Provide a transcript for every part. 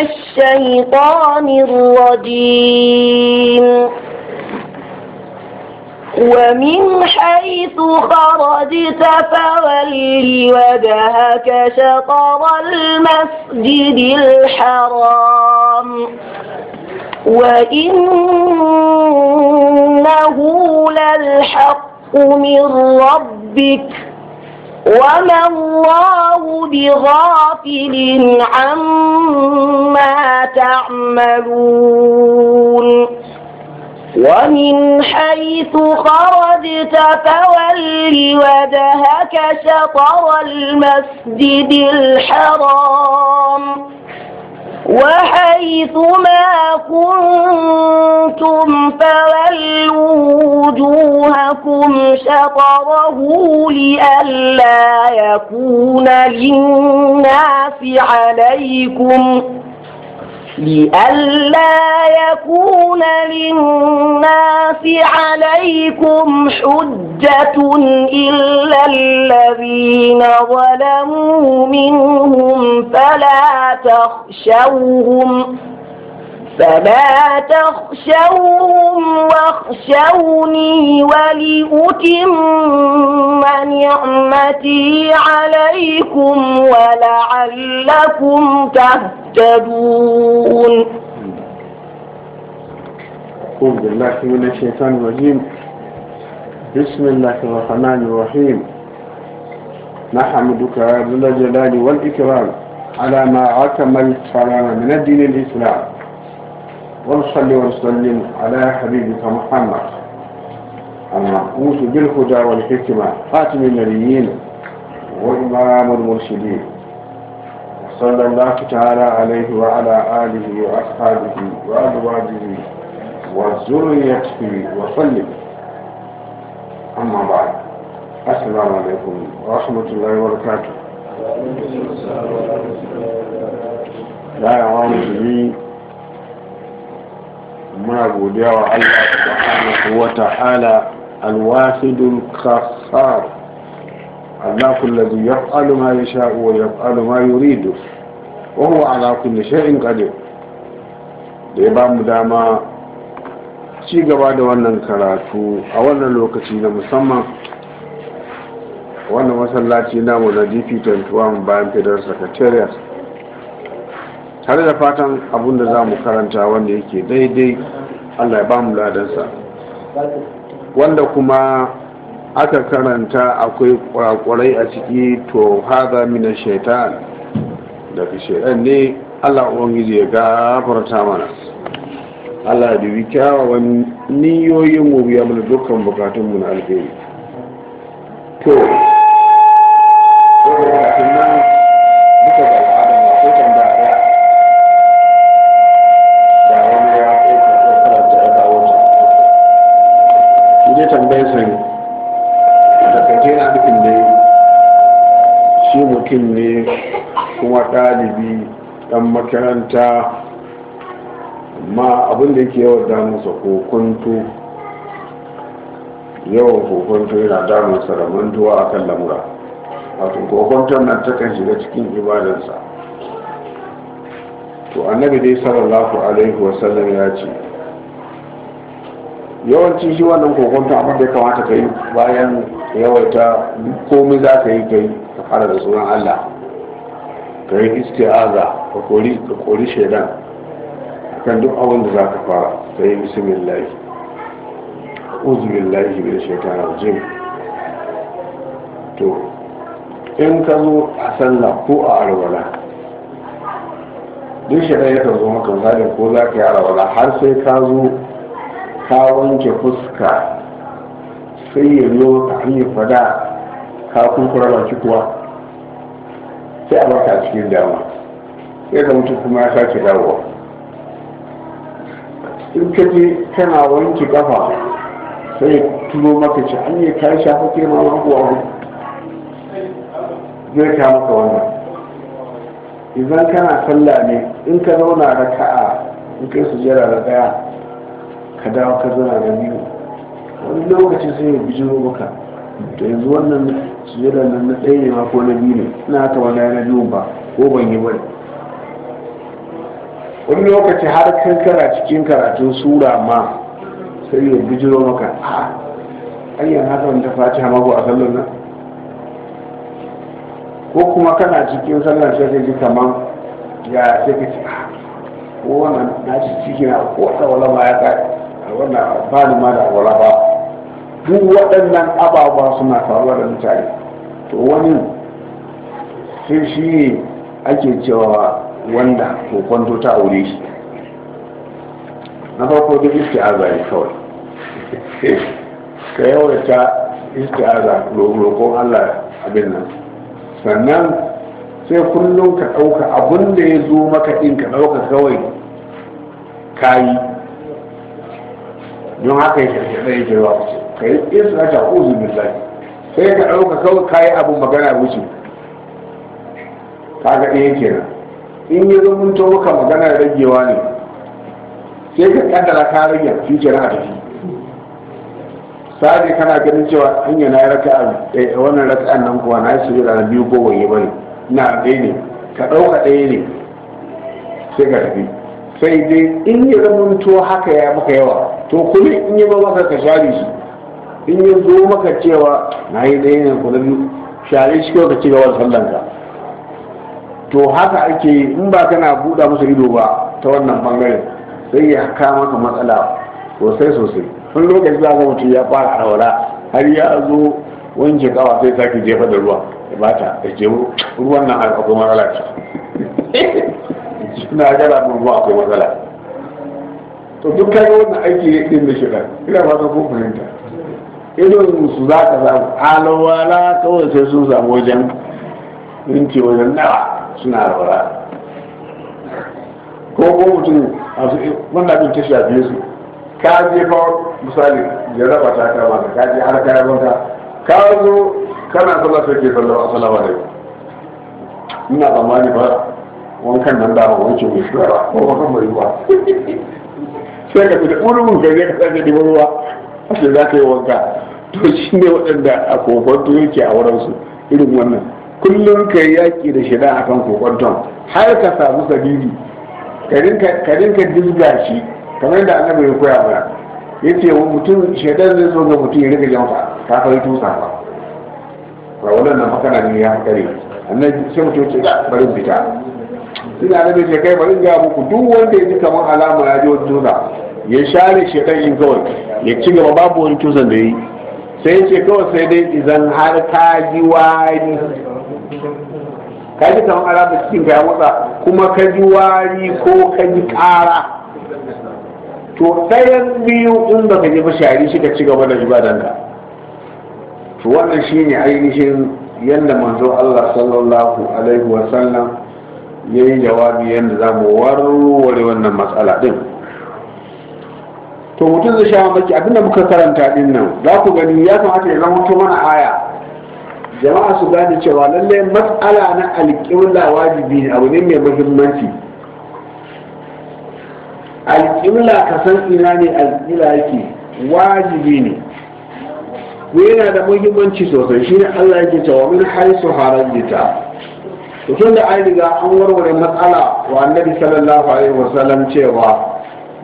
الشيطان الرجيم ومن حيث خرجت فول وجهك شطر المسجد الحرام وإنه للحق من ربك وما الله بغافل عما تعملون ومن حيث خرجت فول وجهك شطر المسجد الحرام وحيث ما كنتم فولوا وجوهكم شطره لئلا يكون للناس عليكم لئلا يكون للناس عليكم حجة إلا الذين ظلموا منهم فلا تخشوهم فلا تخشوهم واخشوني ولأتم نعمتي عليكم ولعلكم تهتدون أعوذ بالله من الشيطان الرجيم بسم الله الرحمن الرحيم نحمدك يا ذو الجلال والإكرام على ما أكملت فرانا من الدين الإسلام ونصلي ونسلم على حبيبك محمد المحبوس بالهدى والحكمة خاتم النبيين وإمام المرسلين صلى الله تعالى عليه وعلى آله وأصحابه وأزواجه وذريته وسلم أما بعد السلام عليكم ورحمة الله وبركاته لا يعاني muna godiya wa Allah subhanahu wa ta'ala الواحد القهار الله الذي يفعل wa يشاء ويفعل ما يريد وهو على كل شيء قدير da ya ba mu dama ci gaba da wannan karatu a wannan lokaci na musamman wannan masallaci namu na dp 21 bayan fidar secretariat tare da fatan abun da za mu karanta wanda yake daidai allah ya ba mu ladansa wanda kuma aka karanta akwai kwakwarai a ciki to haza mina shaitan daga shaitan ne allah ubangiji ya gafarta mana allah ya dubi kyawawan niyoyin mu biya mana dukkan bukatunmu na alheri mutum ne kuma ɗalibi ɗan makaranta amma abin da yake yawan damunsa kokonto yawan kokonto yana damunsa da mantuwa a kan lamura wato kokonton nan takan shiga cikin ibadansa to annabi dai sallallahu alaihi wasallam ya ce yawancin shi wannan kokonton abin da ya kamata ka yi bayan yawaita komai za ka yi ka yi ka fara da sunan Allah ka yi isti'aza ka kori ka kori shaidan kan duk abin da za ka fara ka yi bismillah uzu billahi min shekara rajim to in ka zo a sallah ko a arwala duk shaidan ya zo maka misalin ko za ka yi arwala har sai ka zo ka wanke fuska sai ya zo ta hanyar fada ka kurkura baki kuwa sai a baka a cikin dama sai da mutu kuma ya sace dawowa in ka je kana wanke kafa sai ya tuno maka ci an yi kayan shafa ke ma wani kuwa zai ka maka wannan idan kana sallah ne in ka zauna da ka'a in kai su jera da daya ka dawo ka zauna da biyu wani lokacin sai ya bijiro maka to yanzu wannan sujada nan na ɗaya ne ma ko na biyu ne ina haka wani na biyu ba ko ban yi bane wani lokaci har kara cikin karatun sura ma sai ya bijiro maka a ayyan haka wani ta Hama hamago a sallar nan ko kuma kana cikin sallar sai ka ji kamar ya sai ka ci a ko wannan na ci ciki na ko wala ba ya kai wannan ba ni ma da wala ba duk waɗannan ababa suna faruwa da mutane to wani sai shi ake cewa wanda ko kwanto ta aure shi na farko duk iske ne kawai ka iske azari roƙon allah abin nan sannan sai kullum ka ɗauka abin da ya zo maka ɗin ka ɗauka kawai kayi don haka ya shirya ɗaya jirwa ce ka yi isu na mai billahi sai ka ɗauka kawai kayi abin magana wuce ga ɗaya kenan in ya zamanto maka magana ragewa ne sai ka kaddara ka rage shi na a tafi sai kana ganin cewa hanya na raka a eh, wannan raka'an nan kuwa na yi shi da biyu ko waye bane na ɗaya ne ka ɗauka ɗaya ne sai ka tafi sai dai in ya zamanto haka ya maka yawa to kullum in yi ba maka ka shari shi in yi zo maka cewa na yi ɗaya ne kuma biyu share shi kyau ka ci gaba da sallanka to haka ake yi in ba kana buɗa musu ido ba ta wannan bangaren sai ya kama maka matsala sosai sosai wani lokaci za ga mutum ya fara alwala har ya zo wanke kawa sai sake jefa da ruwa ya bata da jebu ruwan nan akwai matsala ce na gara ruwa akwai matsala to duk kai wannan aiki ne din da shirar ina ba ta kun fahimta irin su za ka samu alwala kawai sai sun samu wajen rinci wajen nawa suna alwala ko ko mutum masu eh, wanda abin ta shafe su ka je fa misali jarraba ta kama ka ka je har kayan wanka ka zo kana sallah sai ke sallah assalamu alaikum ina tsammani ba wankan nan dama wanke mai shi ba ko wankan mai ruwa sai ka fita ulumin ka je ka sake dibar ruwa sai za ka yi wanka to shi ne waɗanda a kokonto yake a wurinsu irin wannan kullum ka yi yaƙi da shida a kan kokonton har ka samu sabibi ka rinka dizga shi kamar da annabi ya koya mana ya ce wa mutum shaidan zai so ga mutum ya riga jamfa ka fara tusa ba ba waɗannan makana ne ya kare annabi sai mutum ce bari fita ina da ce kai bari ga muku duk wanda ya ji kamar alama ya ji wani tusa ya share shaidan in kawai ya ci gaba babu wani tusan da ya yi sai ce kawai sai dai idan har ka ji wari ka ji kamar arabu cikin ka ya motsa kuma ka ji wari ko ka ji ƙara to ɗayan biyu in ba ka ji fashari shi ka ci gaba da ibadanka to wannan shi shine ainihin yadda manzo Allah sallallahu alaihi wasallam ya yi jawabi yadda za mu warware wannan matsala din to mutum zai sha maki abinda muka karanta din nan za ku gani ya kamata ya zama to mana aya jama'a su gane cewa lallai matsala na alƙibla wajibi ne abu ne mai muhimmanci alƙibla ka san ina ne alƙibla yake wajibi ne ko yana da muhimmanci sosai shi ne Allah yake cewa min haisu haram to tun da an riga an warware matsala wa annabi sallallahu alaihi wasallam cewa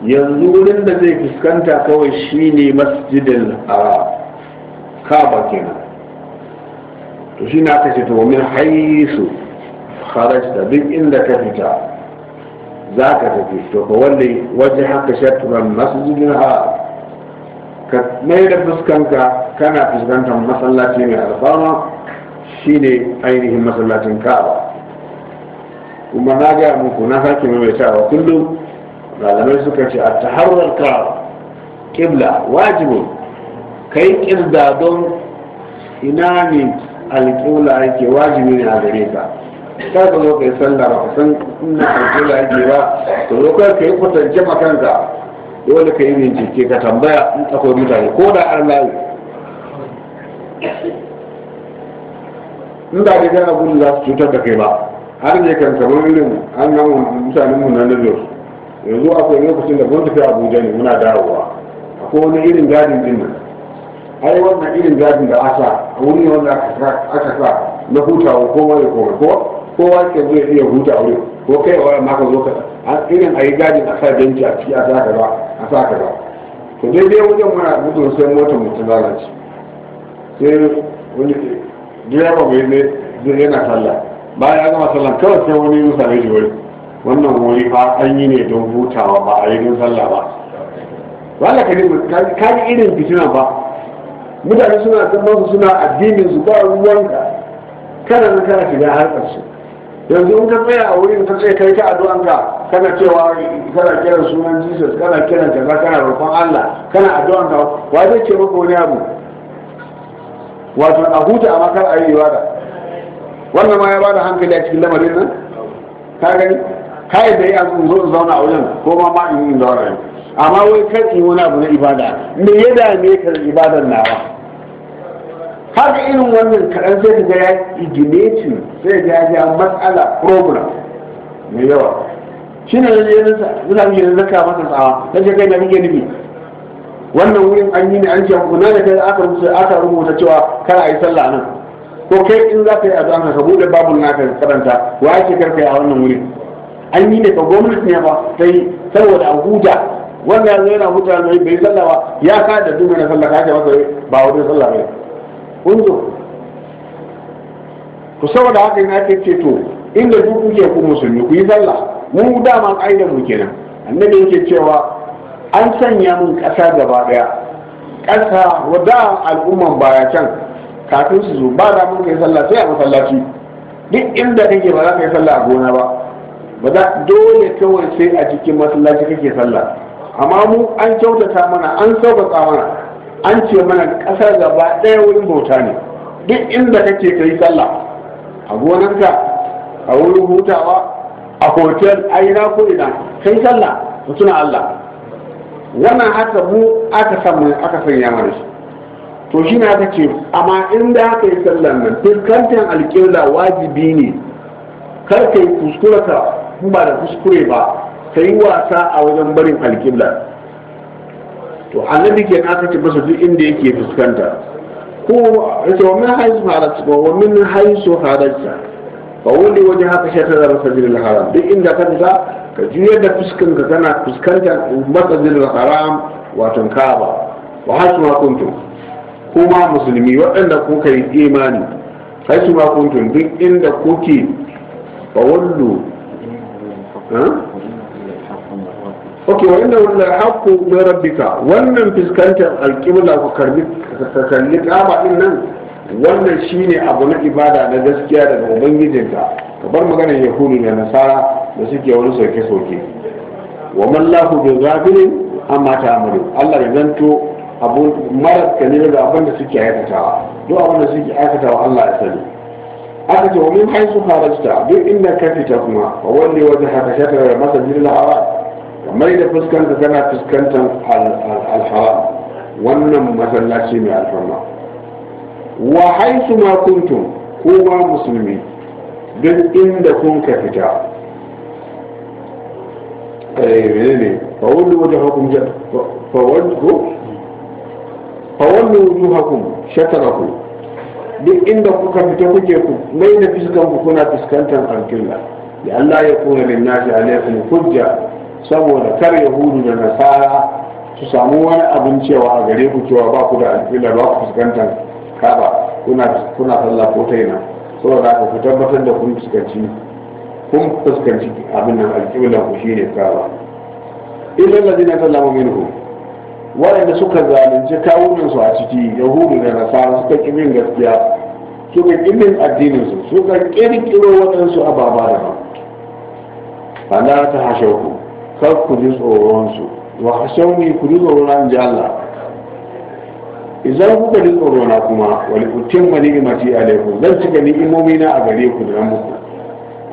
yanzu wurin da zai fuskanta kawai shine masjidin a kaba kenan to shi na kace to min haisu kharajta duk inda ka fita za ka tafi to ka walle waje haka shatran masjidin ha ka mai da fuskanka kana fuskantar masallaci mai alfama shine ainihin masallacin kaba kuma na gaya muku na sake maimaitawa kullum malamai suka ce a taharar ka kibla wajibi kai kirda don ina ne alƙula yake wajibi ne a gare ka ta ka zo kai sallah ba san ina alƙula yake ba to zo ka yi kwatance ma kanka dole ka yi bincike ka tambaya in akwai mutane ko da an layi in da ka gana gudu za su cutar da kai ba har ne kan kamar irin an yawon mutanen mu na lagos yanzu akwai lokacin da mun tafi abuja ne muna dawowa akwai wani irin gadin din nan ai wannan irin gadin da aka a wuri wanda aka sa na hutawa ko wani kowa ko kowa ke zai iya huta wuri ko kai wa ma ka zo ka irin ayi gadin a sa benci a ciki a sa ka ba a sa ka ba to dai wajen muna gudun sai mota mu ta lalace sai wani direba mai zai yana sallah bayan ya gama sallah kawai sai wani musa ne shi wani wannan wuri ba an yi ne don hutawa ba a yi don sallah ba wanda ka ka yi irin fitina ba mutane suna zama su suna addinin su ba ruwanka kada na kana shiga harkar su yanzu in ka tsaya a wurin ka tsaya kai ta addu'an ka kana cewa kana kiran sunan Jesus kana kiran kaza kana roƙon Allah kana addu'an ka wa zai ce maka wani abu wato a huta amma kar a yi ibada wannan ma ya bada hankali a cikin lamarin nan ka gani kai da ya zo zauna a wajen ko ma ma in yi zauna amma wai kar in wani abu na ibada me ya dame ka ibadar nawa haka irin wannan kaɗan sai ka ga ya ignitin sai ga ya matsala program mai yawa shi ne da yanzu suna yi yanzu zaka masa tsawa na ce kai na kike nufi wannan wurin an yi ne an ce kuna da kai aka rubuta aka rubuta cewa kar a yi sallah nan ko kai in za ka yi azan ka bude babul naka karanta wa ake karkai a wannan wurin an yi ne ka gwamnati ne ba sai saboda abuja wanda wannan yana huta mai bai sallah ba ya ka da duk na sallah ka masa ba wajen sallah ba kun zo ku saboda haka ina ke ce to inda duk kuke ku musulmi ku yi sallah mu dama ƙa'idar mu kenan annabi yake cewa an sanya mun ƙasa gaba ɗaya ƙasa wadda al'umman baya can kafin su zo ba da mun kai sallah sai a masallaci duk inda kake ba za ka yi sallah a gona ba ba za dole kawai sai a cikin masallaci kake sallah amma mu an kyautata mana an sauƙaƙa mana an ce mana ƙasar gaba ɗaya wurin bauta ne duk inda kake ka yi sallah a gonarka a wurin hutawa a hotel a yi ko ina kai sallah ka tuna Allah wannan haka mu aka samu aka sanya mana shi to shi ne aka ce amma inda aka yi sallah nan dukkan alƙibla wajibi ne kar ka yi kuskura ka in ba da kuskure ba ka yi wasa a wajen barin alƙibla to annabi ke aka ce masa duk inda yake fuskanta ko yace wa min haisu harat ba wa min haisu harat fa wani waje haka shatar al haram duk inda ka fita ka juyar da fuskanka kana fuskantar al haram wato kaaba wa haisu ma kuntum kuma musulmi waɗanda ka yi imani haisu ma kuntum duk inda koke fa wallu Hmm? ok wanda wanda haƙƙo mai rabbika wannan fuskantar alƙibla ku karbi ka kalli din nan wannan shine abu na ibada na gaskiya daga ubangijinka ka bar maganar yahudu da nasara da suke wani sauke-sauke wa mallahu bi ghafilin amma ta amuri Allah ya zanto abu mara kalila da abin da suke aikatawa duk abin da suke aikatawa Allah ya sani أكتب من حيث خرجت بإنك في فولي وجهها وزحك شكرا مسجد الحرام وما إذا فسكنت كما فسكنت الحرام ونم مثلا سيمي الحرام وحيث ما كنتم هو مسلمين بل إن دكم كفتا أي بيني فولي وجهكم جد فولي وجهكم شكركم duk inda kuka fita kuke ku mai da fiskan ku kuna fuskantar alƙilla Ya Allah ya kuna lin nasi alaikum hujja saboda kar yahudu da nasara su samu wani abin cewa a gare ku cewa ba ku da alƙilla ba ku fuskantar kaba kuna kuna sallah ko ta ina saboda ka ku tabbatar da kun fuskanci kun fuskanci abin nan alƙiblan ku shine kaba illal ladina sallamu minhum waɗanda suka zalunci kawunansu a ciki yahudu da nasara suka ƙi min gaskiya suka ƙimin addininsu suka ƙirƙiro waɗansu ababa da ba fala ta hashau ku kar ku ji tsoronsu wa hashau ne ku ji tsoron ji Allah idan kuka ji tsorona kuma wani kutin ma ni'imati alaikum zan cika ni'imomi na a gare ku da muku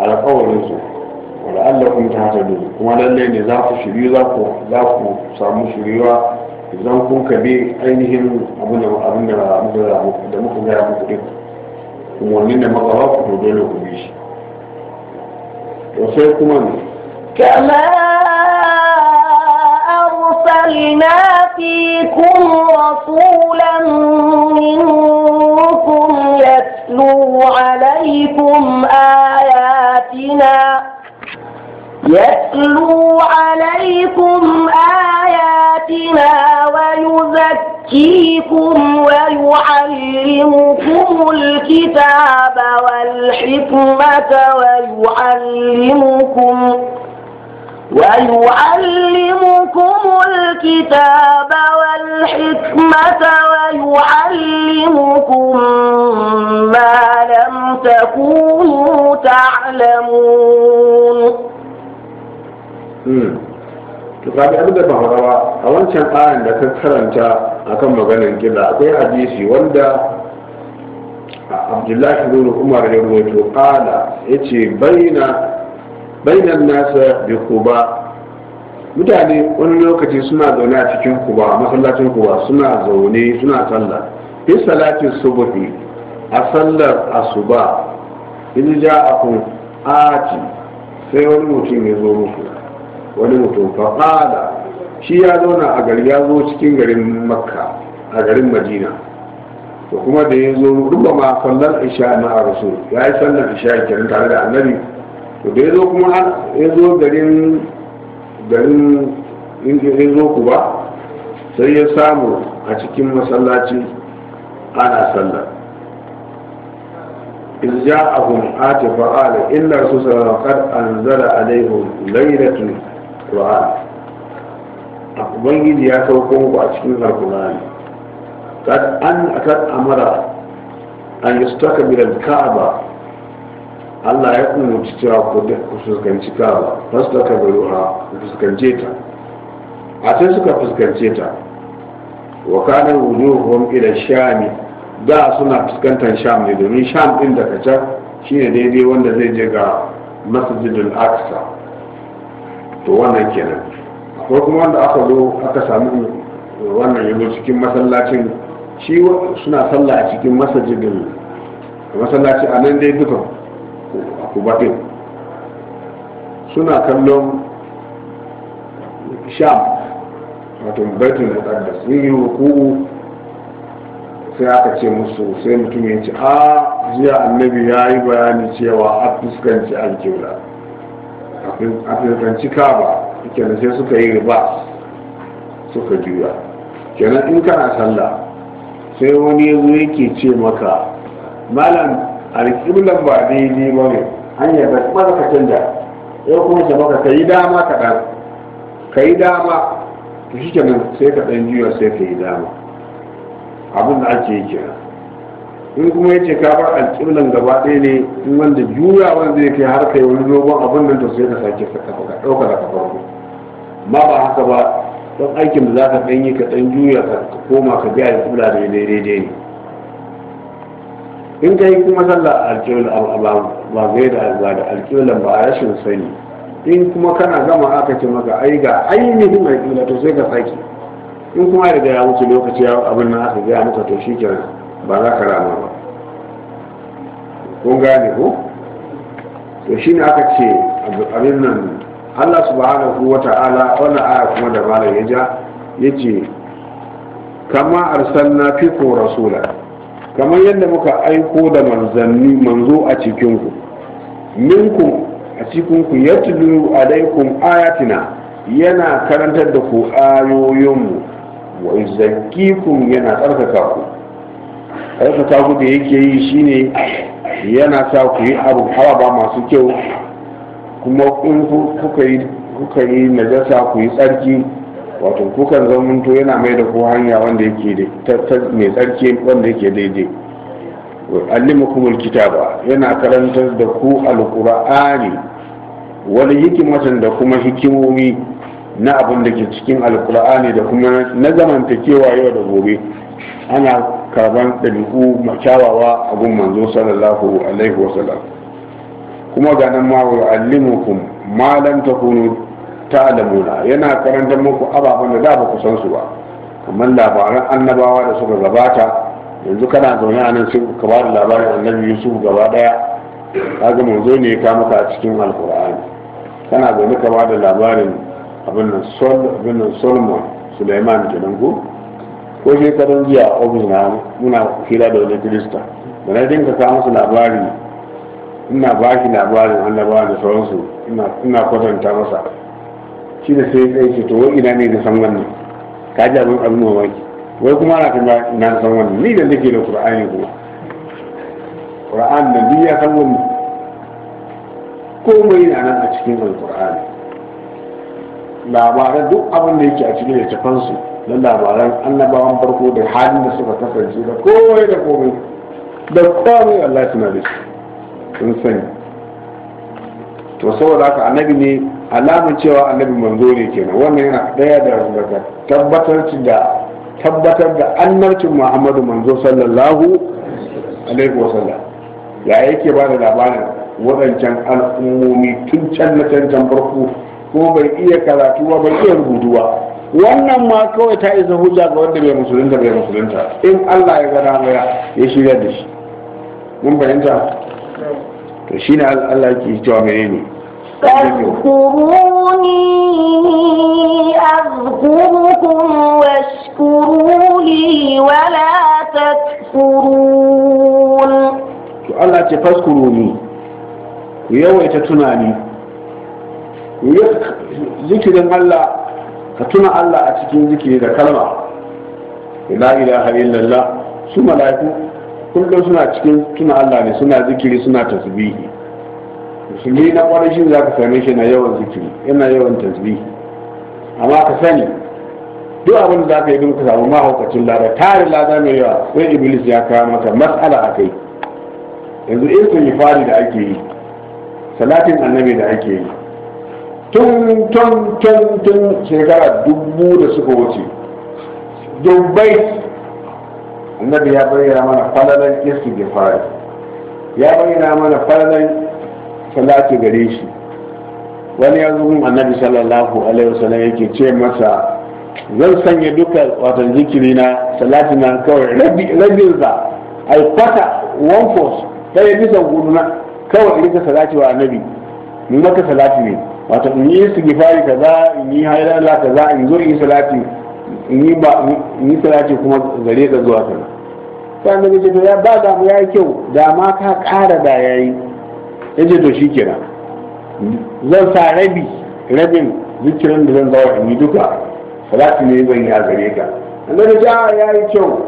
alƙawarinsu wani Allah kun ta hata kuma lallai ne za ku shiri za ku za ku samu shiriwa idan kun kabe ainihin abin da muka gaya muku ɗin umarnin da maka ba ku dole ku bi shi to sai kuma ne kama arsalna fikum rasulan minkum yatlu alaykum ayatina يتلو عليكم آياتنا ويزكي يزكيكم ويعلمكم الكتاب والحكمة ويعلمكم ويعلمكم الكتاب والحكمة ويعلمكم ما لم تكونوا تعلمون to kaga da ba rawa a wancan ayan da ka karanta akan maganar gida akwai hadisi wanda abdullahi bin umar ya ruwaito kala ya ce bainan nasa bi kuba mutane wani lokaci suna zaune a cikin kuba masallacin kuba suna zaune suna sallah fi salatin subuhi a sallar asuba in ja akun ati sai wani mutum ya zo muku wani mutum faƙada shi ya zauna a gari ya zo cikin garin makka a garin madina to kuma da ya zo rubba ma sallar isha na a rasu ya yi sallar isha kenan tare da annabi to da ya zo kuma ya zo garin garin ya zo ba sai ya samu a cikin masallaci ana sallar إذ جاءهم آتف قال illa الرسول صلى الله عليه وسلم قد أنزل عليهم ليلة Qur'an ubangiji ya sauko muku a cikin alkur'ani kad an akad amara an yastakbir al-ka'aba Allah ya kuma cewa ku da ku fuskanci ka'aba fastakbiruha ku fuskance ta a sai suka fuskance ta wa kana wujuhum ila shami da suna fuskantar sham ne domin sham din daga can shine daidai wanda zai je ga masjidul aqsa to wannan kenan akwai kuma wanda aka zo aka samu wannan yanzu cikin masallacin shi suna sallah a cikin masajidin masallaci a nan dai duka a kubatin suna kallon sham wato baitul muqaddas sun yi ruku'u sai aka ce musu sai mutum ya ce a ah, jiya annabi ya yi bayani cewa a fuskanci alkibla a kaba kenan sai suka yi riba suka juya kenan in kana sallah sai wani ya zo yake ce maka malam alƙiblan ba daidai ba ne hanyar da kuma ka canja ya kuma ce maka ka yi dama ɗan ka yi dama shi kenan sai ka ɗan juya sai ka yi dama abin da ake yi kenan in kuma yace kafar ka bar alƙiblan gaba ɗaya ne in wanda juyawan zai kai har kai wani dogon abin nan to sai ka sake ka ɗauka da farko ma ba haka ba don aikin da za ka ɗan yi ka ɗan juya ka koma ka bi alƙibla da daidai ne in ka yi kuma sallah ba zai da alƙiblan ba a rashin sani in kuma kana gama aka ce maka ai ga ainihin alƙibla to sai ka sake in kuma ya riga ya wuce lokaci abin nan aka gaya maka to shi kenan ba za ka rama ba kun gane ko to shi ne aka ce abin nan allah subhanahu wa ta'ala wannan aya kuma da malam ya ja ya ce kama arsalna fiko rasula kamar yadda muka aiko da manzanni manzo a cikinku minkum a cikinku ya tulu alaikum ayatina yana karantar da ku ayoyinmu wa yana tsarkaka ku rasa ku da yake yi shine yana sa ku yi abu hawa ba masu kyau kuma in kuka yi kuka yi najasa ku yi tsarki wato kukan zamanto yana mai da ku hanya wanda yake mai tsarki wanda yake daidai allimukum kitaba yana karantar da ku alqur'ani wani hikimatan da kuma hikimomi na abin da ke cikin alqur'ani da kuma na zamantakewa yau da gobe ana karban ɗabi'u kyawawa a gun manzo sallallahu alaihi wa sallam kuma ga nan ma yu'allimukum ma lam takunu ta'lamuna yana karantar muku ababen da da ba ku san su ba kamar labaran annabawa da suka gabata yanzu kana zaune a nan sai ka ba da labarin annabi yusuf gaba daya kaga manzo ne ka maka a cikin alkur'ani kana zaune ka ba da labarin abin nan solomon suleiman kenan ko ko shekarun jiya a ofina muna hira da wani kirista da na dinka kawo musu labari ina ba shi labarin annabawa da sauransu ina kwatanta masa shi da sai tsaye ce to wai ina ne na san wannan ka ji abin abin mamaki wai kuma ana kan ina na san wannan ni da nake da qur'ani kuma qur'an da ni ya san wannan komai na nan a cikin alqur'ani labaran duk abin da yake a cikin littafansu na labaran annabawan farko da halin da suka kasance da kowai da komai da komai Allah suna da shi sun sani to saboda haka annabi ne alamun cewa annabi manzo ne kenan wannan yana daya daga tabbatar da tabbatar da annabcin muhammadu manzo sallallahu alaihi wasallam ya yake ba da labarin wadancan al'ummomi tun can na can can farko ko bai iya karatu ba bai iya rubutu ba wannan ma kawai ta isa hujja ga wanda bai musulunta bai musulunta in Allah ya gada maya ya shirya da shi mun fahimta to shine Allah ke cewa menene فاذكروني أذكركم واشكروا لي ولا تكفرون الله تفذكروني ويوي تتناني zikirin Allah ka tuna Allah a cikin zikiri da kalma ila ilaha illallah su mala'iku kullum suna cikin tuna Allah ne suna zikiri suna tasbihi musulmi na kwanan shi za ka same shi na yawan zikiri yana yawan tasbihi amma ka sani duk abin da za yi don ka samu mahaukacin lada tare lada mai yawa sai iblis ya kawo maka matsala a kai yanzu in sun yi fari da ake yi salatin annabi da ake yi tun tun tun tun shekara dubu da suka wuce dubbai annabi ya bayyana mana falalan fara ya bayyana mana falalan salatu gare shi wani ya zuhun annabi sallallahu alaihi wasallam yake ce masa zan sanya duka watan zikiri na salati na kawai rabin za ai kwata one force ɗaya bisa gudu na kawai rika salati wa annabi maka salati ne wato in yi ka kaza in yi haidala kaza in zo in in yi salati in yi salati kuma gare ka zuwa ta sai annabi ce to ya ba da mu yayi kyau da ma ka ƙara da yayi je to shikenan zan sa rabi rabin zikirin da zan zawo in yi duka salati ne zan yi a gare ka annabi ce ah, a yayi kyau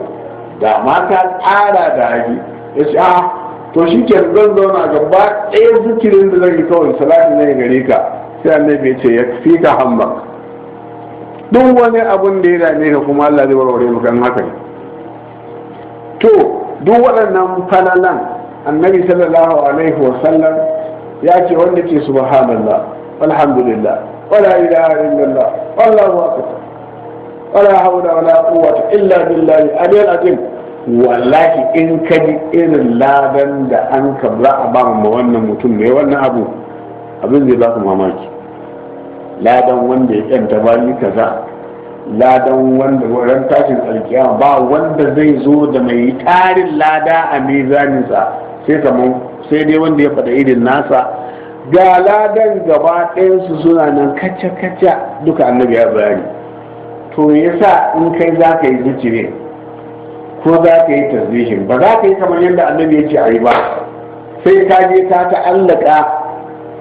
da ma ka ƙara da yayi yace a ah, to shi ke zan zauna gaba ɗaya zikirin da zan yi kawai salati ne gare ka sai annabi ya ce ya fi ka hamba duk wani abun da ya dame ka kuma Allah zai warware maka haka to duk waɗannan falalan annabi sallallahu alaihi wa wasallam ya ce wanda ke subhanallah walhamdulillah wala ilaha illallah wallahu akbar wala hawla wala quwwata illa billahi aliyul azim wallahi in ka ji irin ladan da an za a ba mu wannan mutum mai wannan abu abin zai ba baka mamaki ladan wanda ya kyanta bayi kaza ladan wanda ran tashin alkiyama ba wanda zai zo da mai tarin lada a mizaninsa sai kamar sai dai wanda ya faɗa irin nasa ga ladan gaba ɗayansu suna nan kacce-kacce duka annabi ya bayani to yasa in kai za ka yi zikirin ko za ka yi tasbihin ba za ka yi kamar yadda annabi ya ce a yi ba sai ka je ka ta'allaka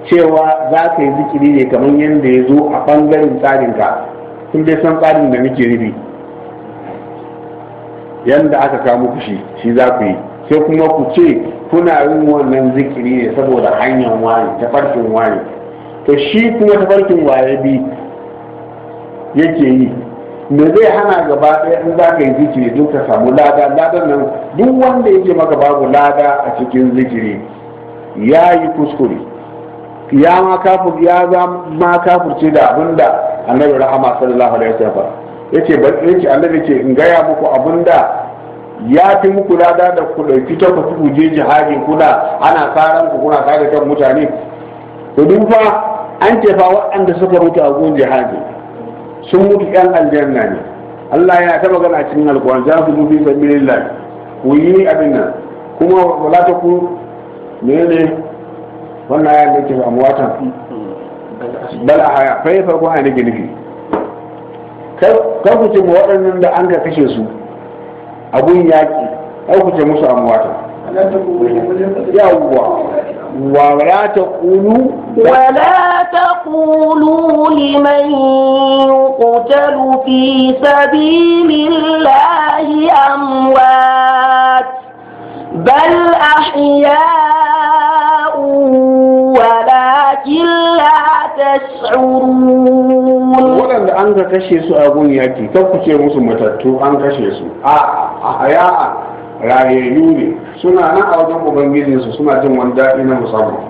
cewa za ka yi zikiri ne kamar yadda ya zo a ɓangaren tsarinka sun dai san tsarin da muke ribi. yadda aka kamo ku shi za ku yi sai kuma ku ce kuna yin wannan zikiri ne saboda hanyar wani tafarkin wani to shi kuma tafarkin waye bi yake yi me zai hana gaba ɗaya in za ka yi zikiri duk ka samu lada ladan nan duk wanda yake maka babu lada a cikin zikiri ya yi kuskure ya ma kafir ya za ma kafirce da abinda annabi rahama sallallahu alaihi wasallam yace ce yace annabi ce in gaya muku abinda ya fi muku lada da ku ɗauki ta ku je jihadi kuna ana karan ku kuna kaga kan mutane to duk fa an ce fa waɗanda suka mutu a gun jihadi sun mutu yan aljanna ne Allah yana ta magana a cikin alƙur'ani za ku mutu sabilillah ku yi abin nan kuma wala ta ku ne wannan ayan da ke ba muwatan bal ahaya fa yi farko ayan da nufi kar ku ce waɗannan da an ka kashe su abun yaƙi kar ku ce musu amwatan yawwa ولا تقولوا ولا تقولوا لمن يقتل في سبيل الله أموات بل أحياء تشعرون waɗanda an ka kashe su a gun yaki kan ku ce musu matattu an kashe su a haya'a rayayyu ne suna nan a wajen suna jin wani daɗi na musamman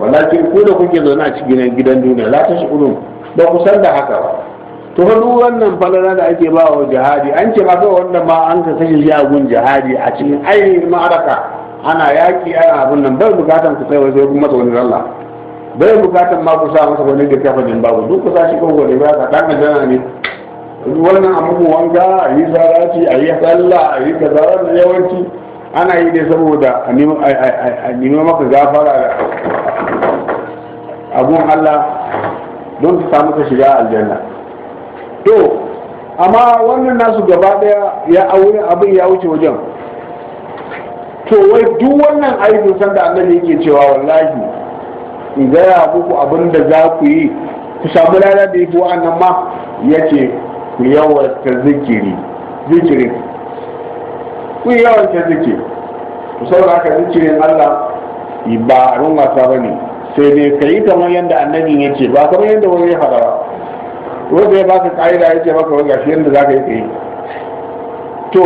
walakin ku da kuke zaune a cikin gidan duniya la ta shi'urun ba ku san da haka ba to fa duk wannan falala da ake ba jihadi an ce ba wannan shi a gun jihadi a cikin ana yaki ana abin nan bai bukatan ku sai wajen masa wani Allah bai bukatan ma ku sa masa wani da kafanin babu duk kusa sa shi kan wani ba ka dan aljanna ne wannan abubu wanga a yi zaraci a yi sallah a yi kazarar da yawanci ana yi ne saboda a nemi maka gafara da abun Allah don ta samu ka shiga aljanna to amma wannan nasu gaba daya ya aure abin ya wuce wajen to wai duk wannan aikin sanda annabi yake cewa wallahi in gaya muku abin da za ku yi ku samu lada da yake wa'annan ma ya ce ku yawanta zikiri zikirin ku yawanta zikiri ku saboda haka zikirin Allah ba abin wasa ba ne sai dai ka yi kamar yadda annabin ya ce ba kamar yadda wani ya faɗa ba wanda ya baka ka'ida ya ce maka wani gashi yadda za ka yi ka yi to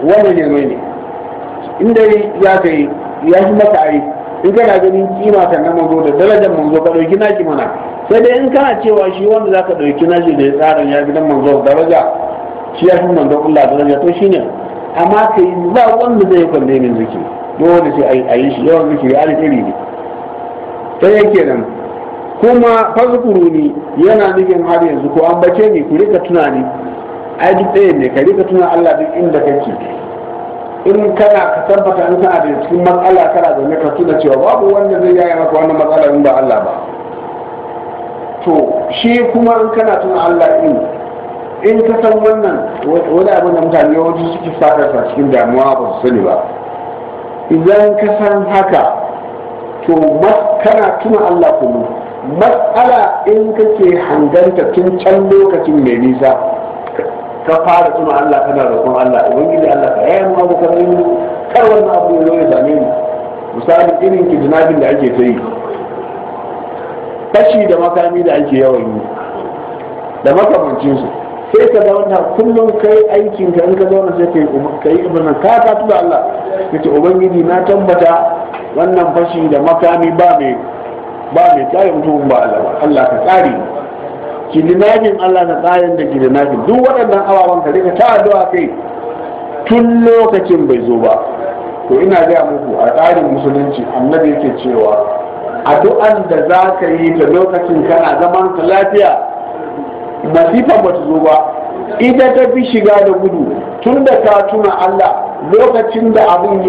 wani ne mai ne in dai ka yi ya fi maka aiki in kana ganin kima kan na manzo da darajar manzo ka dauki naki mana sai dai in kana cewa shi wanda zaka dauki nashi da ya tsarin ya gidan manzo daraja shi ya fi manzo Allah daraja to shine amma kai ba wanda zai kwalle min zuki dole sai a yi shi yawan ya alheri ne ta yake nan kuma fazkuruni yana nufin har yanzu ko an bace ni ku rika tunani ai duk ɗaya ne ka rika tuna Allah duk inda kake in kana ka tabbata in kana da cikin matsala kana ne ka tuna cewa babu wanda zai yaya maka wannan matsala in ba Allah ba to shi kuma in kana tuna Allah in in ka san wannan wani abin da mutane yawanci suke fadarsa cikin damuwa ba su sani ba idan ka san haka to kana tuna Allah kuma matsala in kake hanganta tun can lokacin mai nisa ka fara tuna Allah kana roƙon Allah ubangiji Allah ka yayi mu abokan yi kar wannan abu ya zo ya same misali irin kidnapping da ake ta yi fashi da makami da ake yawan yi da makamancinsu sai ka zauna kullum kai aikin ka in ka zauna sai ka yi ka yi ibn ka ka tuba Allah kace ubangiji na tambata wannan fashi da makami ba mai ba mai tsari mutum ba Allah Allah ka tsari. kilimajin Allah na tsayin da kilimajin duk waɗannan awawan ka rika ta addu'a kai tun lokacin bai zo ba to ina gaya muku a tsarin musulunci annabi yake cewa addu'an da za ka yi da lokacin kana zaman ka lafiya masifan ba ta zo ba ita ta fi shiga da gudu tun da ka tuna Allah lokacin da abin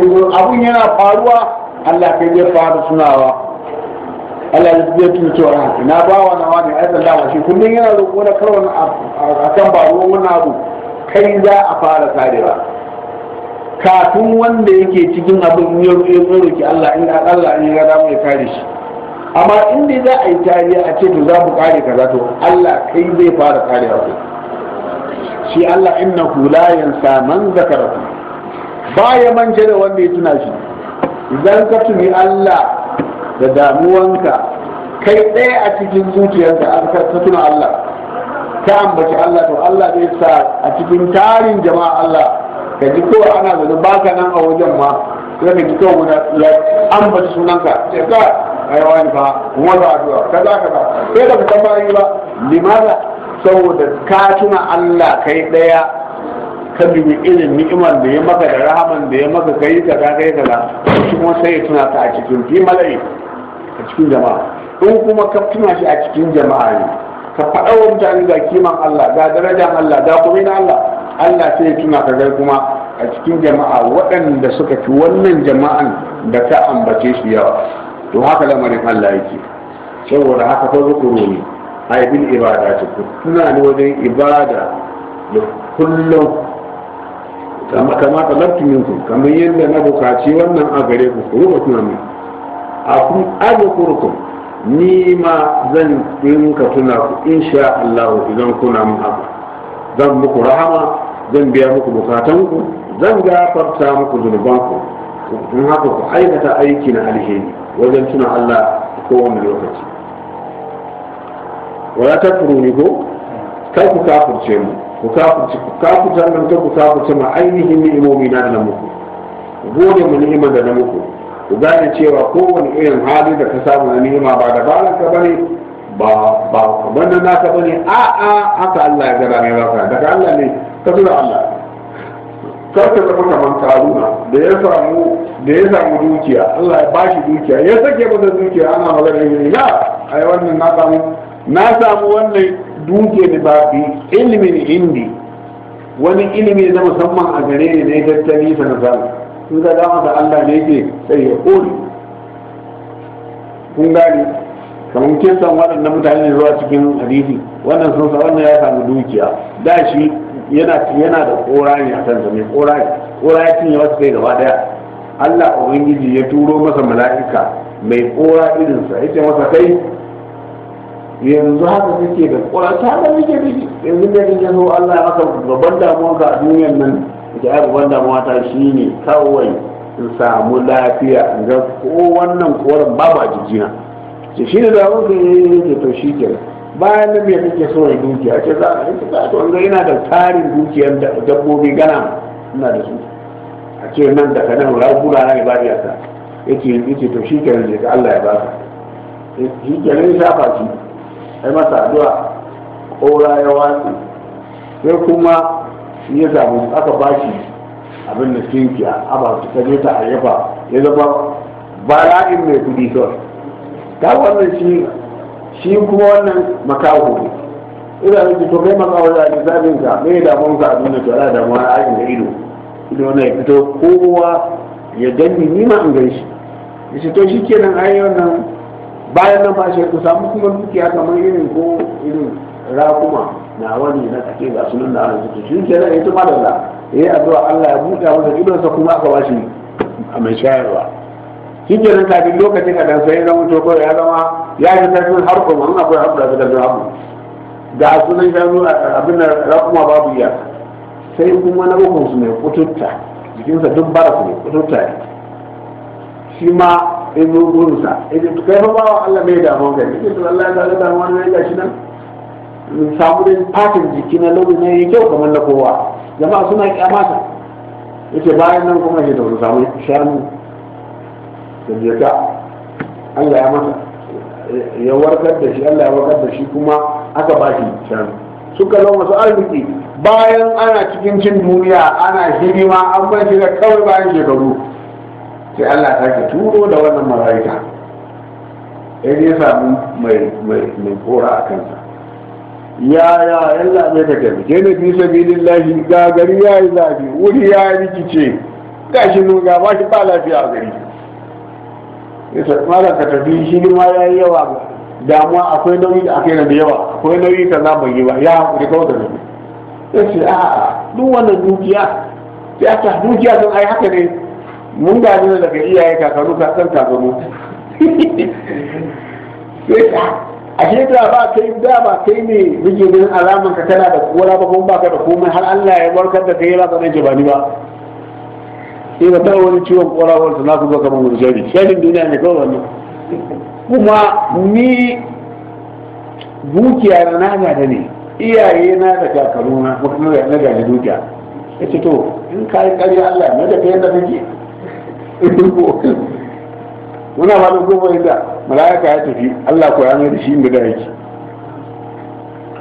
yana faruwa Allah kai zai fara sunawa. Allah ya tuni cewa haka na bawa na wani azan lawa shi kullum yana roƙo na karwan a kan ba wani abu kai za a fara karewa kafin wanda yake cikin abin ya roƙi Allah in Allah in ya damu ya kare shi amma in za a yi tariya a ce to za mu kare kaza to Allah kai zai fara karewa kai shi Allah innahu la yansa man Ba ya manje da wanda ya tuna shi idan ka tuni Allah da damuwanka kai ɗaya a cikin zuciyarka an ka tuna Allah ta ambaci Allah to Allah zai sa a cikin tarin jama'a Allah ka ji kowa ana zaune baka nan a wajen ma sai ka ji kawai guda ya ambaci sunanka sai ka aiwa ni fa wani addu'a ka ba sai da ka yi ba limaza saboda ka tuna Allah kai ɗaya ka dubi irin ni'imar da ya maka da rahaman da ya maka kai ka kai kaza shi kuma sai ya tuna ka a cikin fi mala'i a cikin jama'a in kuma ka tuna shi a cikin jama'a ne ka faɗa wa mutane ga kiman Allah ga darajar Allah ga kuma na Allah Allah sai ya tuna ka gai kuma a cikin jama'a waɗanda suka fi wannan jama'an da ka ambace shi yawa to haka lamarin Allah yake saboda haka fa zukuru ne aibin ibada ce ku tuna wajen ibada da kullum kama kama talabtu kamar yadda na bukaci wannan a gare ku ku rubuta min akun azkurkum ni ma zan rinka tuna ku insha Allah idan kuna mun haka zan muku rahama zan biya muku ku zan gafarta muku zunubanku in haka ku aikata aiki na alheri wajen tuna Allah kowane lokaci wala ta furuni ko kai ku kafurce mu ku kafurce ku kafurce nan ku kafurce ma ainihin ni'imomi na da muku gode mu ni'imar da na muku ku gane cewa kowane irin hali da ka samu na ni'ima ba da balan ka bane ba ba wannan naka bane a a haka Allah ya gara mai baka daga Allah ne ka zura Allah kar ka zama kamar karuna da ya samu da ya samu dukiya Allah ya bashi dukiya ya sake masa dukiya ana magana ne na ai wannan na samu na samu wannan dukiya da ba bi ilimin indi wani ilimi na musamman a gare ne na tattali sana sun ga dama da Allah ne yake sai ya kore kun gane kamar ke san waɗannan mutane ne zuwa cikin hadisi wannan sun sa wannan ya samu dukiya da shi yana yana da kora ne a kansa mai kora kora ya cinye wasu kai gaba daya Allah ubangiji ya turo masa mala'ika mai kora irinsa ya ce masa kai yanzu haka kake da kora ta da kake da yanzu da kake so Allah ya maka babban damuwa a duniyar nan da ya babban shi ne kawai in samu lafiya in ga ko wannan koren babu a jikina ce shi ne damu ka yi to shi ke bayan da mai kake so ya dukiya ce za a yi ta to an ga ina da tarin dukiyar dabbobi gana ina da su a ce nan da kanan raguna na ibadiya ta yake ce to shi ke ne ga Allah ya baka shi ke ne shafa shi ai masa addu'a ƙora ya watsi sai kuma shi ya aka bashi abin da kinkiya aba su kaje ta hayyafa ya zama bala'in mai kudi kawai ta wannan shi shi kuma wannan makaho ne ina da to kai makaho da lissafin ka me ya damu ka abin da tsara da ma ayin da ido ido na ya fito kowa ya gani ni ma an gaishe shi to shi kenan ayi wannan bayan nan ba shi ku samu kuma dukiya kamar irin ko irin rakuma na wani na take ga sunan da ana zuci shi kenan ita ma da yayi addu'a Allah ya buɗa masa sa kuma aka bashi a mai shayarwa shi kenan kafin lokacin da dan sai zama to ya zama ya yi ji tafin harko mun akwai harko da tafin harko ga sunan shanu abin da rakuma babu iya sai kuma na ukun su mai kututta jikinsa duk bara su mai kututta ne shi ma in rukunsa idan kai fa bawa Allah mai damuwa kai idan Allah ya ga damuwa ne ga shi nan samu da fatan jiki na launi ne ya kyau kamar na kowa jama'a suna kyamata yace bayan nan kuma shi ya wani samu shanu da jeka Allah ya mata ya warkar da shi Allah ya warkar da shi kuma aka ba shi shanu suka zama masu arziki bayan ana cikin cin duniya ana hidima an ban shi da kawai bayan shekaru sai Allah ta ke turo da wannan malaika ya samu mai kora a kansa ya Allah bai ka ke na fi sabilillahi ga gari yayi zafi wuri ya rikice gashi mun ga ba shi ba lafiya a gari yasa mala ka tafi shi ma yayi yawa damuwa akwai nauyi da akai da yawa akwai nauyi kaza ban yi ba ya hakuri kawai da ya yace a duk wannan dukiya ya ta dukiya don ai haka ne mun gani daga iyaye kakaru kakan kakaru sai ashe da ba kai da ba kai ne muke ganin alaman ka kana da kowa ba kuma baka da komai har Allah ya warkar da kai ba nan jabani ba ni ba tawo wani ciwon kowa ta na ku baka mun gurjari shaidin duniya ne kawai wannan kuma ni dukiya na na da ne iyaye na da kakaruna kuma na da dukiya yace to in kai kare Allah ne da kai yadda kake muna da ko da mala'ika ya tafi Allah ko ya mai da shi inda da yake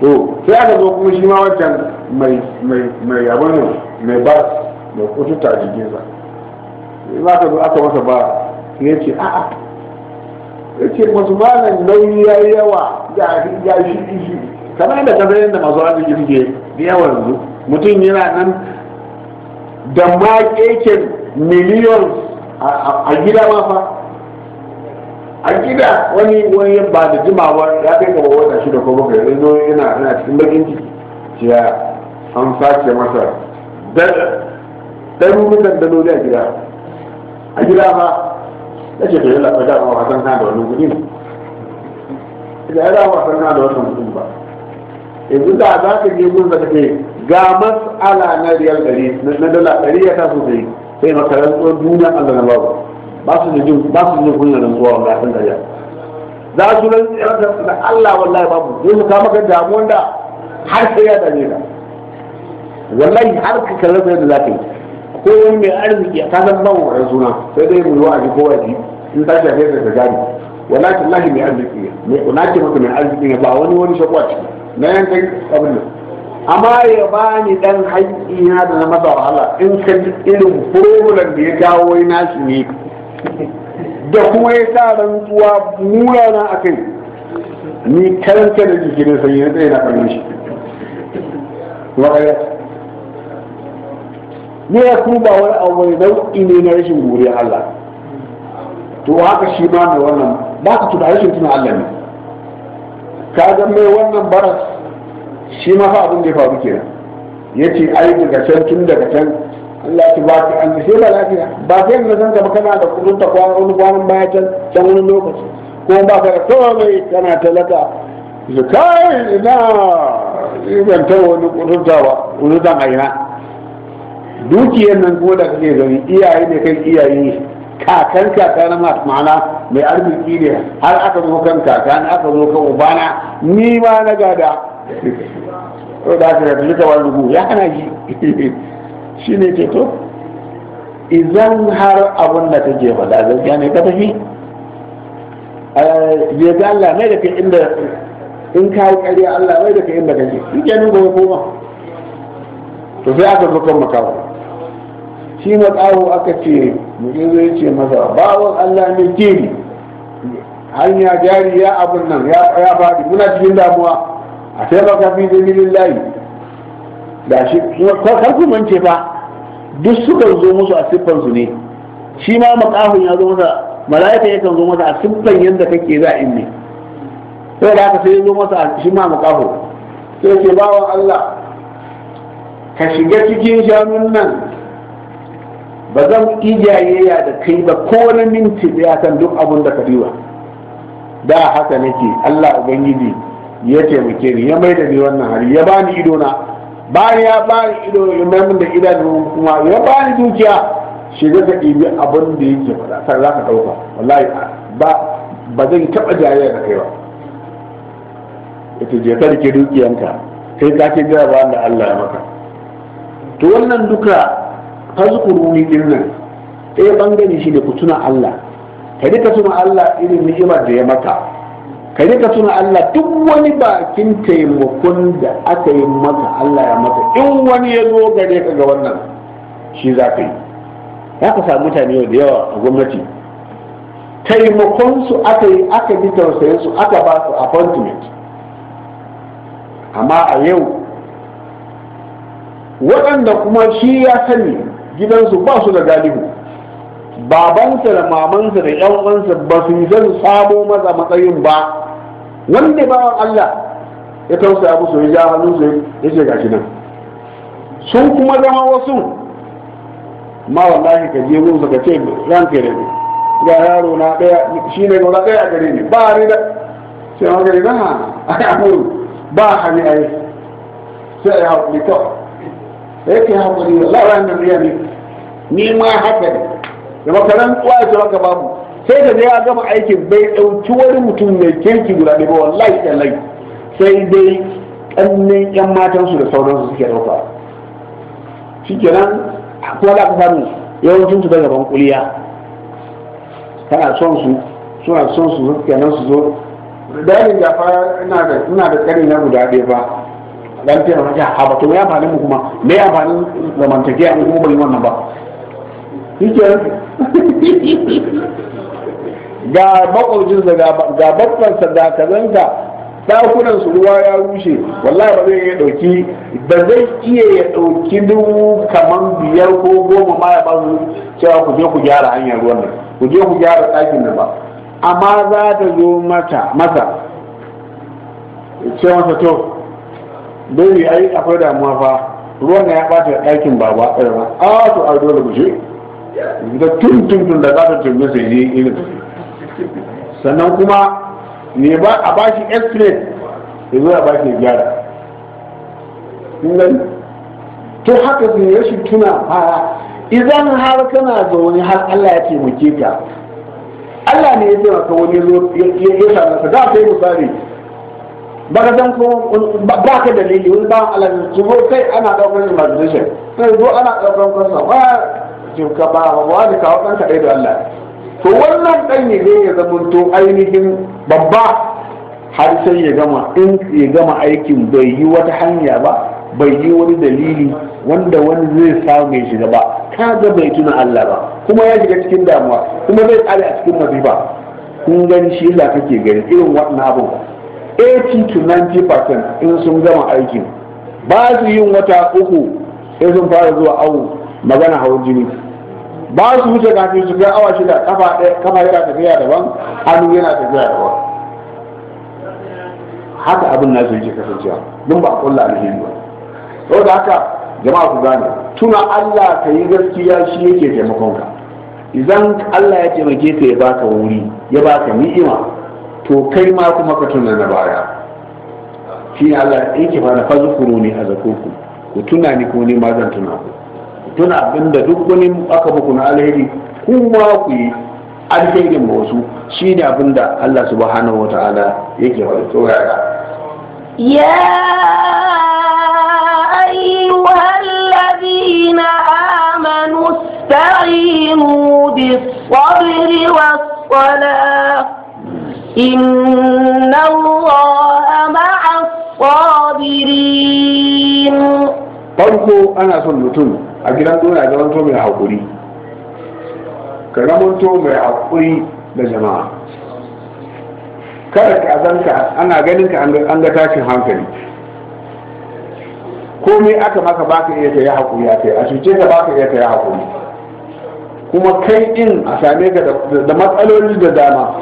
to sai aka zo kuma shi ma wancan mai mai mai abin mai ba mai kututa a jikinsa sai za ka zo aka masa ba sai ya ce a'a ya ce masu malam nauyi ya yi yawa ya shi shi kamar yadda kasar yadda masu arziki ke da yawan zu mutum yana nan da ma keken miliyon a gida ma fa gida wani wani ba da jimawa ya kai gaba wata da kuma bakwai ya zo yana ana cikin bakin ciki cewa an sace masa da daloli a gida a gida ma ya ce to yi lafa dama wasan kan da wani kudin da ya dama wasan kan da wani kudin ba yanzu da za ka je gun da kake ga mas'ala na riyal ɗari na dala ɗari ya taso sai sai makarantar duniya allah na babu ba su ne jin ba su da jin wanda san dariya za su rantsuwa da Allah wallahi babu zai su kama ka damuwar da har sai ya dame ka wallahi har ka kalle sai da zaka yi ko wani mai arziki ka san nawa ran suna sai dai mu yi wa'azi ko wa'azi in ta shafe ka ka gani. wallahi tallahi mai arziki ne mai unace maka mai arziki ne ba wani wani shakwa ciki na yankin abin nan amma ya ba ni dan haƙƙi na da na masa wahala in ka ji irin furolan da ya kawo ina shi ne da kuma ya sa rantsuwa murana a kai ni karanta da jikin sanyi na tsaye na karnin shi ne ya kuma ba wani abu nau'i ne na rashin guriyar Allah to haka shi ma mai wannan ba ka tuna rashin tuna Allah ne ka ga mai wannan baras shi ma fa abin da ya faru kenan yace ai daga can tun daga can Allah ki ba ki an ji sai ba lafiya ba sai ka san ka kana da kudin ta kwana wani kwanan baya can can wani lokaci ko ba ka da kawai kana talaka su kai ina ban ta wani kudin ta ba kudin ta aina dukiyar nan ko da kake gani iyaye ne kai iyaye kakan kaka na ma'ana mai arziki ne har aka zo kan kaka na aka zo kan ubana ni ma na gada to da aka da duka wani ya hana yi. shi ne ce to idan har abun da take faɗa gaskiya ne ka tafi eh, ya ga Allah mai da kai inda in ka yi ƙarya Allah mai da kai inda kake shi ke nuna ya koma to sai aka zo kan makawo shi makawo aka ce mutum zai ce masa bawon Allah ne kiri hanya jari ya abin nan ya faɗi muna cikin damuwa a taimaka fi zabilin layi da shi farko mun ce fa duk sukan zo musu a siffan su ne shi ma makahun ya zo masa mala'ika yakan zo masa a siffan yadda kake za in ne sai da haka sai ya zo masa shi ma makahu sai ce bawan Allah ka shiga cikin shanun nan ba zan ijayayya da kai ba ko wani minti ya kan duk abun da ka ba da haka nake Allah ubangiji ya taimake ni ya mai da ni wannan hari ya bani ido na bayan ya bani ido imamin da idanun kuma ya bani dukiya shiga ka ɗibi abin da yake faɗa sai za ka ɗauka wallahi ba ba zan taɓa jariya da kai ba ita je ka rike dukiyanka kai ka ke gara ba da Allah ya maka to wannan duka tazkuru ni dinnan ɗaya eh, bangare shi ne ku tuna Allah ka rika tuna Allah irin ni'imar da ya maka ka rika tuna Allah duk wani bakin taimakon da aka yi masa, Allah ya masa in wani ya zo gare ka ga wannan shi za ka yi ya ka samu mutane da yawa a gwamnati taimakon su aka yi aka bi tausayin su aka ba su appointment amma a yau waɗanda kuma shi ya sani gidansu ba su da galibu babansa da mamansa da yan ba su yi zan samo maza matsayin ba wanda bawan Allah ya tausaya musu ya ja su ya ce gashi nan sun kuma zama wasu ma wallahi ka je musu ka ce ranka da ne ga yaro na daya shi ne gona daya a gare ni ba ni da sai ma gari na ai amuru ba hani ai sai ya haƙuri kawai ke haƙuri wallahi ran da ne ni ma haka ne da makaran tsuwa ya ce maka babu sai ka je ya gama aikin bai ɗauki wani mutum mai kirki guda ne ba wallahi tsallai sai dai ƙannin yan matansu da sauransu suke ɗauka nan, kuma da aka samu yawancin su daga bankuliya kana son su suna son su nan su zo dalin da fara ina da ina da na guda ɗaya ba dan fiye da haba to ya amfani mu kuma me ya amfani zamantakiya An kuma bai wannan ba ga makwabcinsa ga bakwansa da kazanka dakunan su ruwa ya rushe wallahi ba zai iya dauki ba zai iya ya dauki dubu kaman biyar ko goma ma ya bazu cewa ku je ku gyara hanyar ruwan nan ku je ku gyara ɗakin nan ba amma za ta zo mata masa Cewa masa to dole ai akwai damuwa fa ruwan na ya bata ɗakin baba a ah, to a dole ku je da tun tun tun da zata turbe sai yi eh, irin eh, eh. sannan kuma ne ba a bashi estimate ya zo a bashi gyara to haka su rashin tuna fara idan har kana wani har Allah ya taimake ka Allah ne ya taimaka wani zo ya yasa ka za ka yi misali ba ka san ko ba ka dalili wani ba Allah ne su kai ana ɗaukar imagination sai zo ana ɗaukar kansa cikin ka ba wa wani kawo ɗan kaɗai da Allah to wannan ɗan ya ne ya zamanto ainihin babba har sai ya gama in ya gama aikin bai yi wata hanya ba bai yi wani dalili wanda wani zai samu ya shiga ba kaga bai tuna Allah ba kuma ya shiga cikin damuwa kuma zai tsare a cikin masifa kun gani shi Allah kake gani irin wannan abin 80 to 90% in sun gama aikin ba su yin wata uku sai sun fara zuwa awu magana hawan jini ba su wuce kafin su kai awa shida kafa kafa yana tafiya daban hannu yana tafiya daban haka abin na yake kasancewa don ba a kulla alheri ba da haka jama'a ku gane tuna Allah ka yi gaskiya shi yake taimakon ka idan Allah ya taimake ka ya baka wuri ya baka ni'ima to kai ma kuma ka tuna na baya shi Allah yake fara fazukuru ne a zakoku ku tuna ni ko ne ma zan tuna ku tuna abinda duk wani aka muku na alheri kuma ku yi ma wasu shi ne da Allah subhanahu wa ta'ala yake wa saurara ya ayyuhallazina amanu ta'inu bis-sabri was sala inna Allaha ma'a sabirin farko ana son mutum a gida dole a zamanto mai haƙuri ka to mai haƙuri da jama'a kada ka zanka ana ganin ka an ga tashin hankali komai aka maka baka iya ta yi haƙuri a kai a cuce ka baka iya ta yi haƙuri kuma kai in a same ka da matsaloli da dama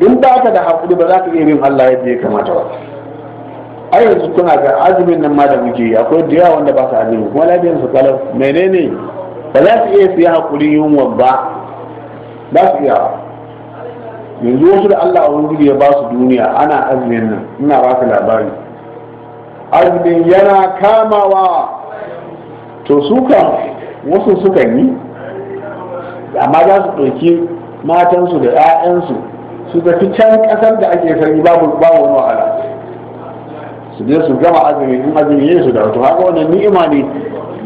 in ba ka da haƙuri ba za ka iya bin Allah yadda ya kamata ba a yanzu kuna ga azumin nan ma da muke akwai da yawa wanda ba su azumi kuma lafiyar su kalau menene ba za su iya siya hakuri yunwa ba ba su iya yanzu wasu da Allah wani ya ba su duniya ana azumin nan ina ba su labari azumin yana kamawa to su kan wasu sukan yi amma za su ɗauki matansu da 'ya'yansu su tafi can ƙasar da ake sarki babu wani wahala su je su gama azumi in azumi yin su da wato haka wannan ni'ima ne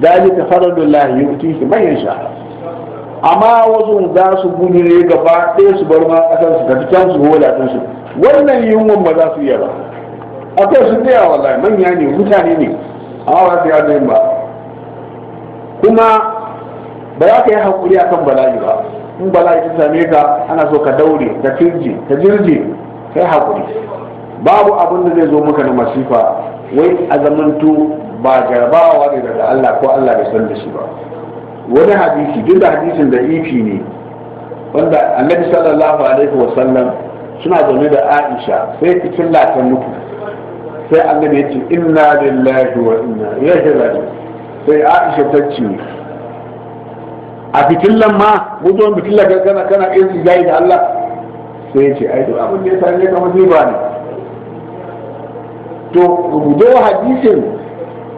dalika faradullahi yutihi man yasha amma wasu za su gudu ne gaba ɗaya su bar ma ƙasar su tafi can su hola tun su wannan yunwan ba za su iya ba akwai su tsaya wallahi manya ne mutane ne amma ba su yi azumin ba kuma ba za ka yi hakuri akan bala'i ba in bala'i ta same ka ana so ka daure ka firje ka jirje kai hakuri babu abin da zai zo maka na masifa wai a zamanto ba jarabawa ne daga Allah ko Allah bai san da shi ba wani hadisi duk da hadisin da ifi ne wanda annabi sallallahu alaihi wa sallam suna zaune da Aisha sai cikin latan mutu sai annabi ya ce inna lillahi wa inna ilaihi raji'un sai Aisha ta ce a fitin lamma mutuwan fitin kana irin irsi da Allah sai ya ce ai duk abin da ya sani ka musiba ne to rubuto hadisin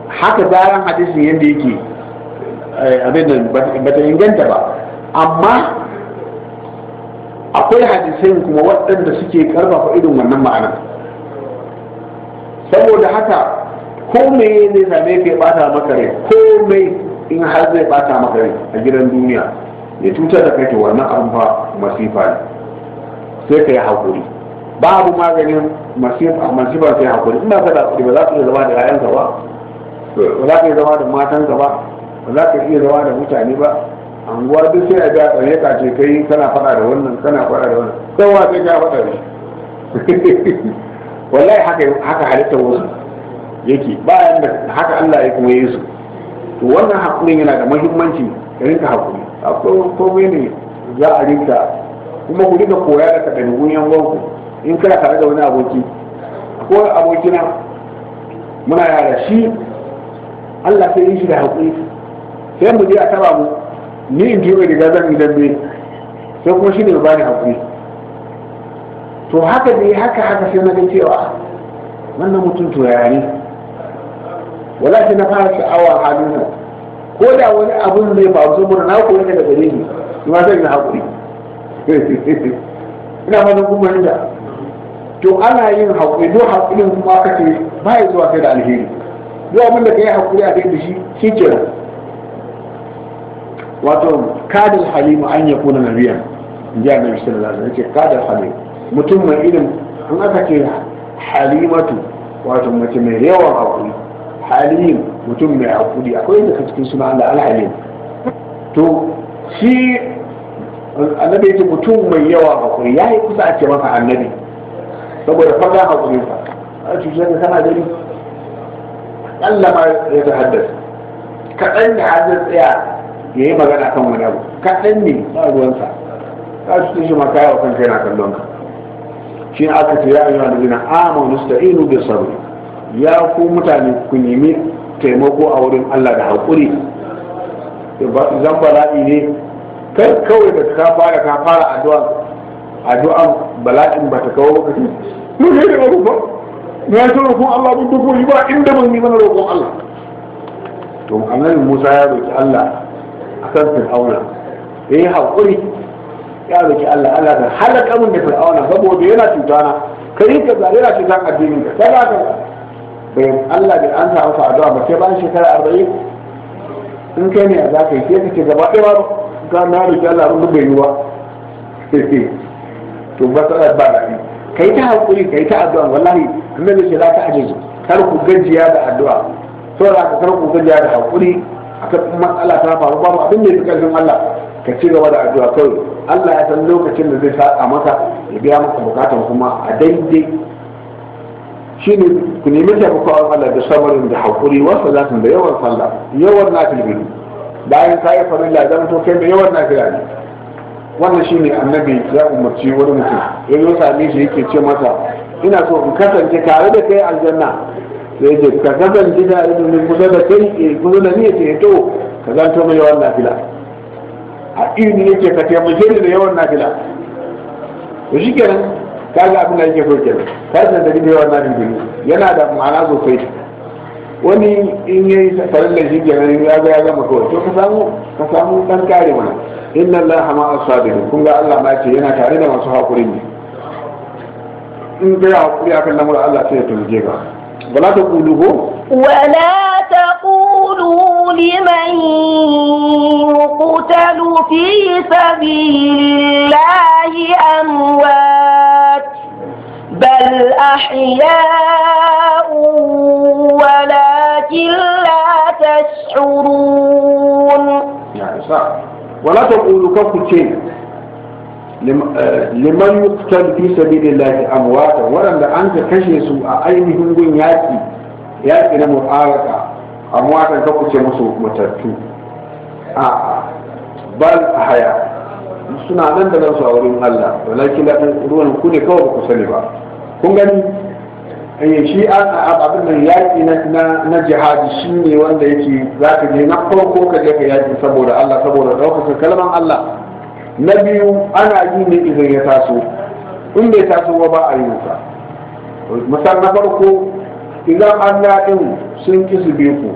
haka zaran hadisin yadda yake eh, abin da bata inganta ba amma akwai hadisin kuma waɗanda suke karfafa irin wannan ma'ana saboda haka komai ne zame ke bata maka rai komai in har zai bata maka rai a gidan duniya ya cutar da kai to wannan abin masifa ne sai ka yi haƙuri babu maganin masifa sai hakuri ina ka da ba za ka iya zama da ka ba ba za ka iya zama da ka ba ba za ka iya zama da mutane ba anguwa duk sai a ga tsare ka ce kai kana faɗa da wannan kana faɗa da wannan wa sai ka faɗa da wallahi haka haka halitta wasu yake bayan da haka Allah ya kuma yi su to wannan hakurin yana da muhimmanci ka rinka hakuri akwai komai ne za a rinka kuma ku rinka koya daga ɗabi'un yan wanku in kana tare da wani aboki ko abokina muna yara shi Allah sai yi shi da haƙuri sai mu je a taba mu ni in jiyo riga zan yi dambe sai kuma shi ne ba ni haƙuri to haka dai haka haka sai na ga cewa wannan mutum to ya ne wala na fara sha'awa halin nan ko da wani abun zai ba su mun na koyi daga gare ni kuma zan yi haƙuri ina fatan kuma inda to ana yin haƙuri duk haƙurin kuma aka ce ba ya zuwa kai da alheri duk abin da ka yi haƙuri a da shi shi ke wato kadin halimu an ya kuna nabiya in ji annabi sallallahu alaihi wasallam ce kadar halimu mutum mai irin an aka ce halimatu wato mace mai yawan haƙuri halim mutum mai haƙuri akwai daga cikin suna da alhalim to shi annabi ce mutum mai yawan haƙuri yi kusa a ce masa annabi saboda faɗa a gure ta a cikin da kana gani Allah ma ya ta haddasa kaɗan da har tsaya ya yi magana kan wani abu kaɗan ne ba ruwansa ka su shi ma kaya wa kai na kallon ka shi ne aka ce ya ayyuka da gina amonu inu da sauri ya ku mutane ku nemi taimako a wurin Allah da haƙuri zan bala'i ne Kai kawai da ka fara ka fara addu'a addu'an bala'in ba ta kawo ka mu ne da abun ba na ta roƙon Allah mun duk wuri ba inda ban yi mana roƙon Allah to annabi Musa ya roƙi Allah akan Fir'auna yayi haƙuri ya roƙi Allah Allah da halaka mun da Fir'auna saboda yana cutana kai ka zalira ce zan addinin ka kaza kaza Bayan Allah bai an sa masa addu'a ba sai ban shekara arba'in in kai ne za ka yi sai ka ce gaba ɗaya ba ka na roƙi Allah abin bai yi ba to ba sa ba da ni Ka yi ta haƙuri, ka yi ta addu'a wallahi annabi ce za ta ajiye kar ku gajiya da addu'a saboda ka kar ku gajiya da hakuri akan matsala ta faru babu abin da ya fi karfin Allah ka ci gaba da addu'a kawai Allah ya san lokacin da zai saka maka ya biya maka bukatan kuma a daidai shine ku nemi taimako a Allah da samarin da wasu za su da yawan sallah yawan nafil bayan ka yi farin zan to kai da yawan nafila ne wannan shine annabi ya umarci wani mutum ya zo same shi yake ce masa ina so in kasance tare da kai aljanna sai ce ka kasance tare da mun kusa da kai eh, kusa da ni ya ce to ka zanto mai yawan nafila a ilimi yake ka taimake ni da yawan nafila to shi kenan kaga abin da yake so kenan ka san da yawan nafila yana da ma'ana sosai wani in yayi farin da shi kenan ya ga ya gama kawai to ka samu ka samu dan kare mana inna allaha ma asabiru kun ga Allah ma ce yana tare da masu hakuri ne in kai hakuri akan lamura Allah sai ya turje ka wala ta kulu ko wala تقولوا لمن يقتل في سبيل الله أموات بل أحياء ولكن لا تشعرون يعني صح. wala ta ƙulu ka ku ce liman yuktal fi sabilillahi amwata waɗanda an ka kashe su a ainihin gun yaƙi yaƙi na mu'araka amwata ka ku ce musu matattu a bal haya suna nan da nan su a wurin Allah walakin ruwan ku ne kawai ba ku sani ba kun gani Eh, shi an abin nan yaƙi na jihadi shi ne wanda yake za ka je na farko ka je ka yaƙi saboda Allah saboda ɗaukaka kalman Allah na biyu ana yi ne idan ya taso in bai taso ba ba a yi nasa misal na farko idan an ɗin sun ƙi su ku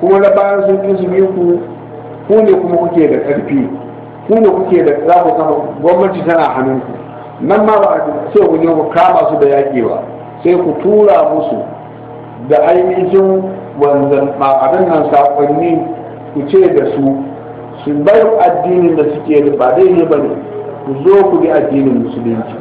kuma na bayan sun ƙi su ku ku ne kuma kuke da ƙarfi ku ne kuke da za ku gwamnati tana hannunku nan ma ba a ce ku ne ku kama su da yakewa ba sai ku tura musu da ainihin wanzan abin nan sakonni ku ce da su su bar addinin da suke da ba dai ne ba ne ku zo ku bi addinin musulunci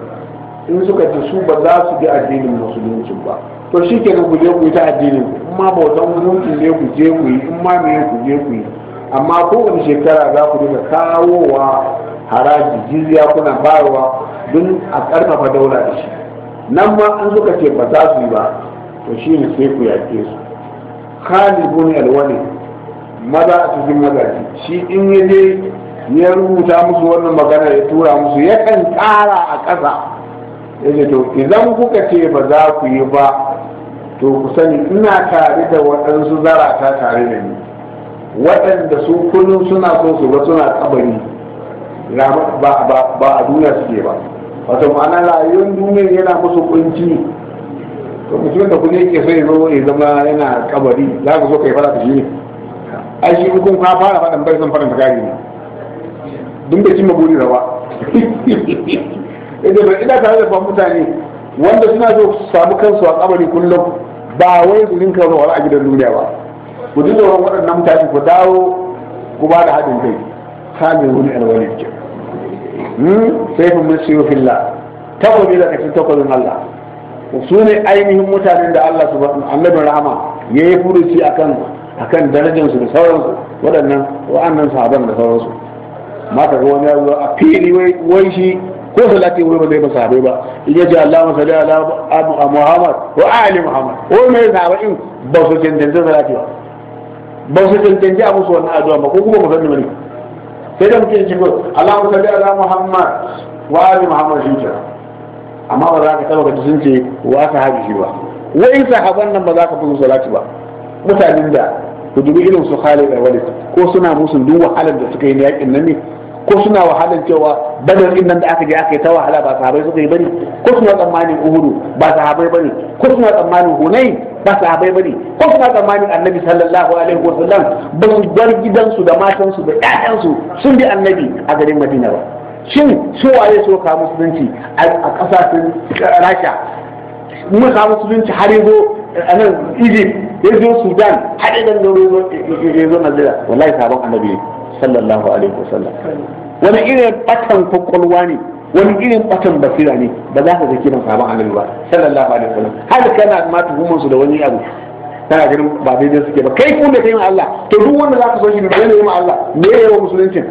in suka ce su ba za su bi addinin musulunci ba to shi ke ku je ku yi ta addinin in ma bautan mutunci ne ku je ku yi in ma me ku je ku yi amma kowane shekara za ku dinga kawowa haraji jizya kuna bayarwa don a ƙarfafa daula da shi nan ma in suka ce ba za su yi ba to shi ne sai ku yake su khalibun alwani maza a cikin mazaji shi in ya je ya rubuta musu wannan magana ya tura musu ya kan ƙara a ƙasa ya ce to idan kuka ce ba za ku yi ba to ku sani ina tare da waɗansu zarata tare da ni waɗanda su kullum suna so su ba suna kabari ba a duniya suke ba wato ma'ana rayuwar duniyar yana musu kunci to mutum da kuma yake so ya zo ya zama yana kabari za ka zo ka yi fara ta shi ne ai shi kun fara fadan bai son faran kare ne dun bai cimma buri ba idan ba ina tare da ban mutane wanda suna so su samu kansu a kabari kullum ba wai su rinka zo wala a gidan duniya ba ku ji wani waɗannan mutane ku dawo ku ba da haɗin kai kamin wani alwalin kenan sai mun siyo filla takobi daga cikin takobin Allah su ne ainihin mutanen da Allah su annabi rahama ya yi furuci akan akan darajarsu da sauransu waɗannan wa'annan sahaban da sauransu ma ka ga wani yaro a fili wai shi ko salati wai ba zai ba sahabai ba in ya ji Allahumma salli ala Muhammad wa ali Muhammad ko me sahabai in ba su cancanci salati ba ba su cancanci a musu wannan addu'a ba ko kuma ba sani ba ne sai da muke shigo Allahu salli ala Muhammad wa ali Muhammad shi kira amma ba za ka taba kaji sun ce wa sahabi shi ba wai sahaban nan ba za ka fi salati ba mutanen da ku dubi irin su Khalid da wani ko suna musun duk wahalar da suka yi yakin nan ne ko suna wahalar cewa badar din nan da aka je aka yi ta wahala ba sahabai suka yi bane ko suna tsammanin uhudu ba sahabai bane ko suna tsammanin Hunai? ba sahabai bane ko suna tsammanin annabi sallallahu alaihi wasallam ba su bar gidansu da matansu da ƴaƴansu sun bi annabi a garin madina ba shin su waye so ka musulunci a kasashen rasha mun ka musulunci har yazo a nan egypt ya zo sudan har idan ya zo najeriya wallahi sabon annabi sallallahu alaihi wasallam wani irin batan kokolwa ne wani irin batan basira ne ba za ka ga kiran sahabban annabi ba sallallahu alaihi wasallam har kana ma tuhumar su da wani abu tana ganin ba daidai suke ba kai kuma kai ma Allah to duk wanda ka so shi ne ne ma Allah me ya yawa musulunci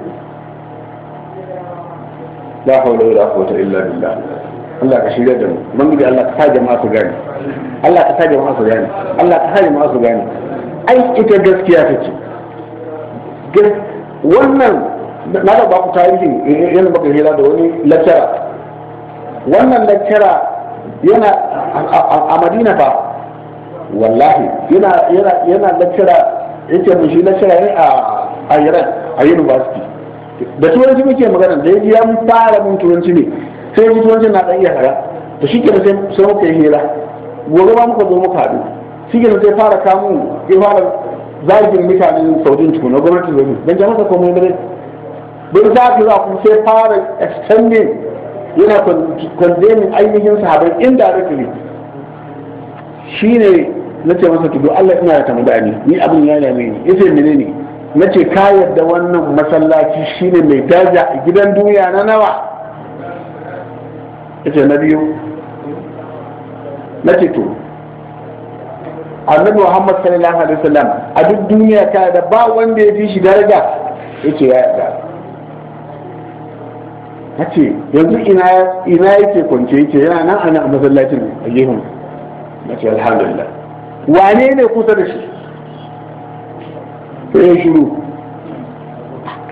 la hawla wala quwwata illa billah Allah ka shirya da mu ubangiji Allah ka sa jama'a su gane Allah ka sa jama'a su gane Allah ka sa jama'a su gane ai ita gaskiya take wannan na da ba ku tarihin yana baka hira da wani lakcara wannan lakcara yana a madina ba. wallahi yana yana yana lakcara yake mun shi lakcara ne a a Iran a university da turanci muke magana da yaji an fara mun turanci ne sai yaji turanci na dan iya haka to shi kenan sai sai muka yi hira gobe ba muka zo muka haɗu shi kenan sai fara kamun ya fara zagin mutanen saudin tukuna gwamnati zai don jama'a komai da mun za kuma sai fara extending yana condemning ainihin sahabai indirectly ne na ce masa tudu Allah ina da muda ne ni abin ya dame ni yace ne. na ce ka yadda wannan masallaci ne mai daja a gidan duniya na nawa ce na biyu na ce to annabi Muhammad sallallahu alaihi wasallam a duk duniya ka da ba wanda ya fi shi daraja ce ya yadda. ce yanzu ina yake kwance yake yana nan ana a masallacin a gefen nace alhamdulillah wane ne kusa da shi sai ya shiru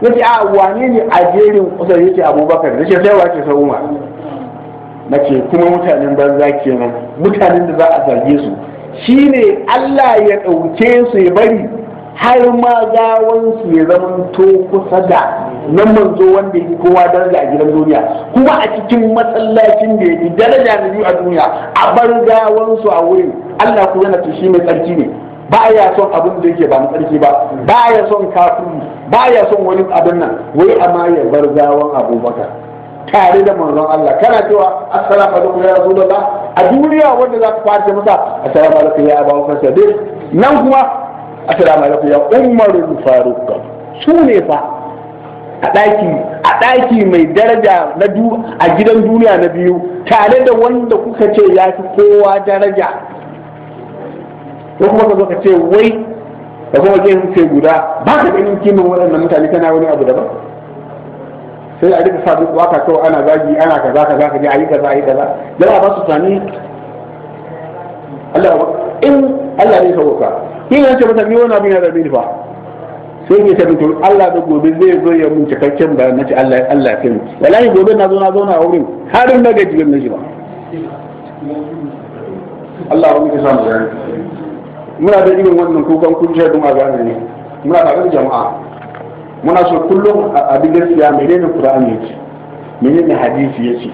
ce a ah, wane ne a jerin kusa yake abubakar nace sai wace sa umar Mace kuma mutanen banza kenan mutanen da za a zarge su Shi ne Allah ya ɗauke su ya bari har ma gawansu ya zamanto kusa da nan manzo wanda ya kowa daraja a gidan duniya kuma a cikin masallacin da ya fi daraja na biyu a duniya a bar gawansu a wurin Allah kuma yana tushe mai tsarki ne ba ya son abin da yake ba na tsarki ba ba ya son kafiri ba ya son wani abin nan wai amma ya bar gawan abubakar tare da manzon Allah kana cewa assalamu alaikum ya rasulullah a duniya wanda za ka fara masa assalamu alaikum ya abubakar sadiq nan kuma assalamu alaikum ya umarul faruq su ne fa a ɗaki a ɗaki mai daraja na du a gidan duniya na biyu tare da wanda kuka ce ya fi kowa daraja ko kuma ka zo ka ce wai da kuma ke ce guda ba ka ganin kimin waɗannan mutane kana wani abu daban sai a rika sa duk waka kawai ana zagi ana kaza kaza kaje ayi kaza ayi kaza da ba su tani Allah in Allah ne sauka kin yace mutane wani abu yana da bin fa sai ya tafi Allah da gobe zai zo ya mun cikakken bayan ci Allah ya Allah kai wallahi gobe na zo na zauna a wurin har na gaji ban nashi ba Allah ya muke mu gani muna da irin wannan kukan kun shaɗu a gane ne muna da jama'a muna so kullum a bi gaskiya menene Qur'ani yake menene hadisi ce.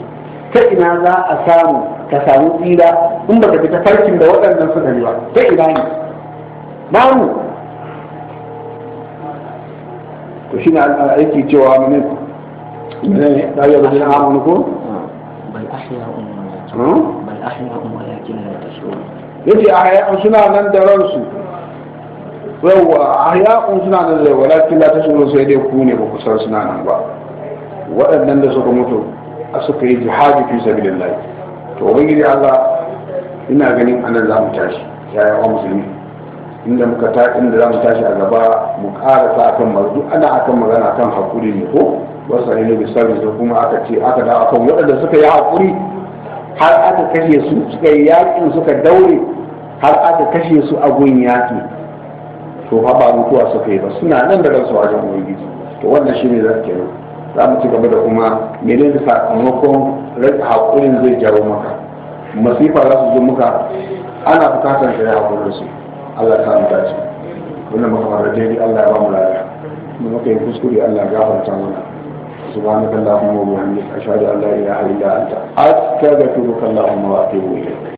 ta ina za a samu ka samu tsira in baka fita farkin da waɗannan suka yi ba ta ina ne babu to shi ne aiki cewa mene mene na yi abin amon ko bal ahya um hmm? bal ahya umma yakin la tashur yace ahya um suna nan da ransu yawwa ahya'un um suna nan da walakin ta suna sai dai ku ne ba ku san suna nan ba waɗannan da suka mutu a suka yi jihadi fi sabilillah to ubangiji Allah ina ganin anan za mu tashi Ya yi wa musulmi inda muka ta inda za mu tashi a gaba mu karasa akan mazu ana akan magana kan hakuri ne ko wasu ne bi sarri da kuma aka ce aka dawo akan waɗanda suka yi hakuri har aka kashe su suka yi yakin suka daure har aka kashe su a gun yaƙi, to fa ba mutuwa suka yi ba suna nan da ransu wajen ubangiji to wannan shi shine ke yi za mu ci gaba da kuma menene sakamakon hakurin zai jawo maka masifa za su zo muka ana bukatar da ya hakurin su allah ta mu dace wanda makamara daidai allah ya ba mu lafiya mu maka yin kuskure allah ya gafarta mana subhanaka allahumma wa Allah ashhadu an la ilaha illa anta astaghfiruka allahumma wa atubu ilayk